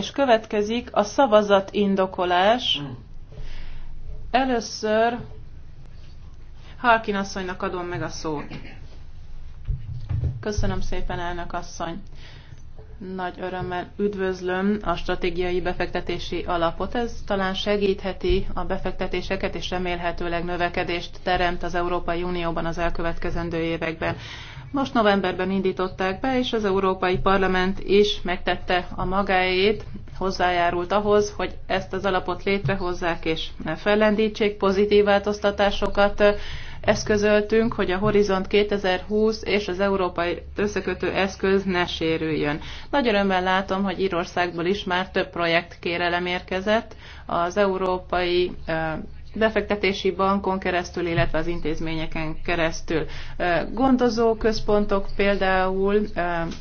és következik a szavazat indokolás. Először Halkin asszonynak adom meg a szót. Köszönöm szépen, elnök asszony. Nagy örömmel üdvözlöm a stratégiai befektetési alapot. Ez talán segítheti a befektetéseket, és remélhetőleg növekedést teremt az Európai Unióban az elkövetkezendő években. Most novemberben indították be, és az Európai Parlament is megtette a magáét, hozzájárult ahhoz, hogy ezt az alapot létrehozzák és fellendítsék, pozitív változtatásokat eszközöltünk, hogy a Horizont 2020 és az Európai Összekötő Eszköz ne sérüljön. Nagy örömmel látom, hogy Írországból is már több projekt kérelem érkezett. Az Európai befektetési bankon keresztül, illetve az intézményeken keresztül. Gondozó központok például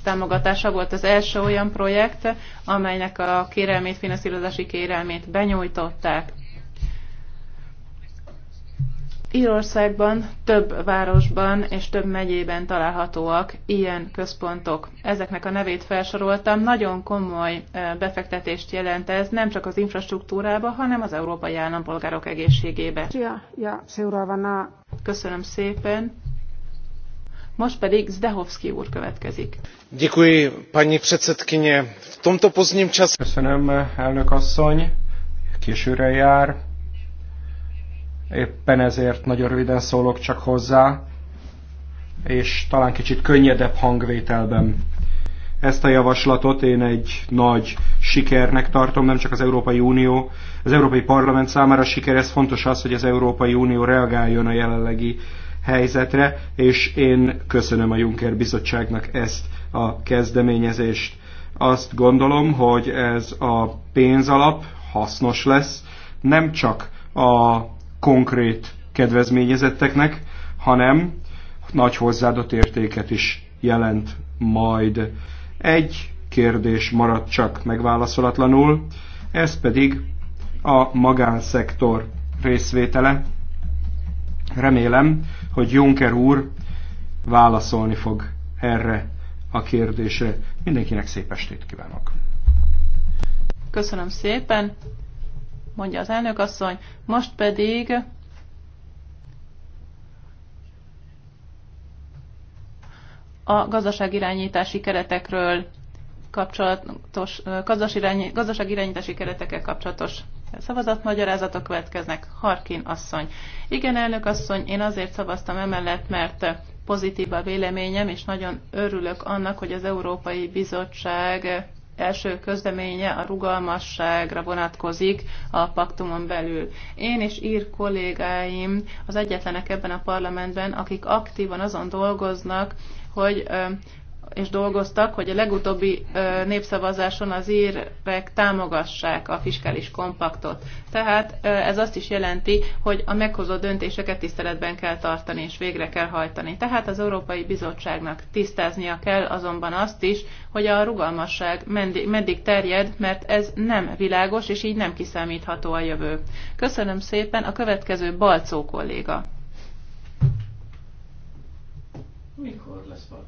támogatása volt az első olyan projekt, amelynek a kérelmét, finanszírozási kérelmét benyújtották. Írországban több városban és több megyében találhatóak ilyen központok. Ezeknek a nevét felsoroltam. Nagyon komoly befektetést jelent ez nem csak az infrastruktúrába, hanem az európai állampolgárok egészségébe. Köszönöm szépen. Most pedig Zdehovski úr következik. Děkuji, paní předsedkyně. V tomto pozdním čase... Köszönöm, elnök asszony. Későre jár éppen ezért nagyon röviden szólok csak hozzá, és talán kicsit könnyedebb hangvételben. Ezt a javaslatot én egy nagy sikernek tartom, nem csak az Európai Unió, az Európai Parlament számára siker, ez fontos az, hogy az Európai Unió reagáljon a jelenlegi helyzetre, és én köszönöm a Juncker Bizottságnak ezt a kezdeményezést. Azt gondolom, hogy ez a pénzalap hasznos lesz, nem csak a konkrét kedvezményezetteknek, hanem nagy hozzáadott értéket is jelent majd. Egy kérdés maradt csak megválaszolatlanul, ez pedig a magánszektor részvétele. Remélem, hogy Juncker úr válaszolni fog erre a kérdésre. Mindenkinek szép estét kívánok! Köszönöm szépen! mondja az elnök asszony. Most pedig a gazdaságirányítási keretekről kapcsolatos, gazdaságirányítási keretekkel kapcsolatos szavazatmagyarázatok következnek. Harkin asszony. Igen, elnök asszony, én azért szavaztam emellett, mert pozitív a véleményem, és nagyon örülök annak, hogy az Európai Bizottság első közleménye a rugalmasságra vonatkozik a paktumon belül. Én és ír kollégáim az egyetlenek ebben a parlamentben, akik aktívan azon dolgoznak, hogy és dolgoztak, hogy a legutóbbi népszavazáson az írek támogassák a fiskális kompaktot. Tehát ez azt is jelenti, hogy a meghozott döntéseket tiszteletben kell tartani és végre kell hajtani. Tehát az Európai Bizottságnak tisztáznia kell azonban azt is, hogy a rugalmasság meddig terjed, mert ez nem világos, és így nem kiszámítható a jövő. Köszönöm szépen a következő Balcó kolléga. Mikor lesz valami?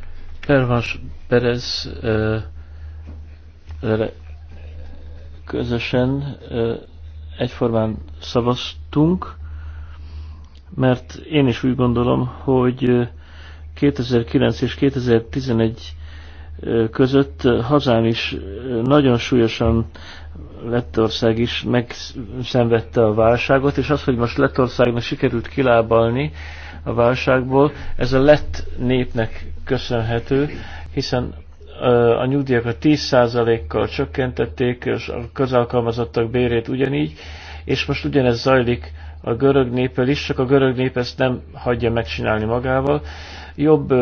Pervas Perez közösen egyformán szavaztunk, mert én is úgy gondolom, hogy 2009 és 2011 között hazám is nagyon súlyosan Lettország is megszenvedte a válságot, és az, hogy most Lettországnak sikerült kilábalni a válságból, ez a lett népnek köszönhető, hiszen a nyugdíjakat 10%-kal csökkentették, és a közalkalmazottak bérét ugyanígy, és most ugyanez zajlik a görög népel is, csak a görög nép ezt nem hagyja megcsinálni magával. Jobb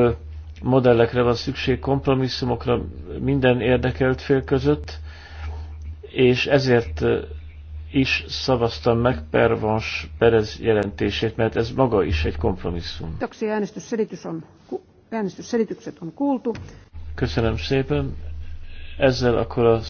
modellekre van szükség, kompromisszumokra minden érdekelt fél között, és ezért is szavaztam meg Pervans Perez jelentését, mert ez maga is egy kompromisszum. Köszönöm szépen. Ezzel akkor a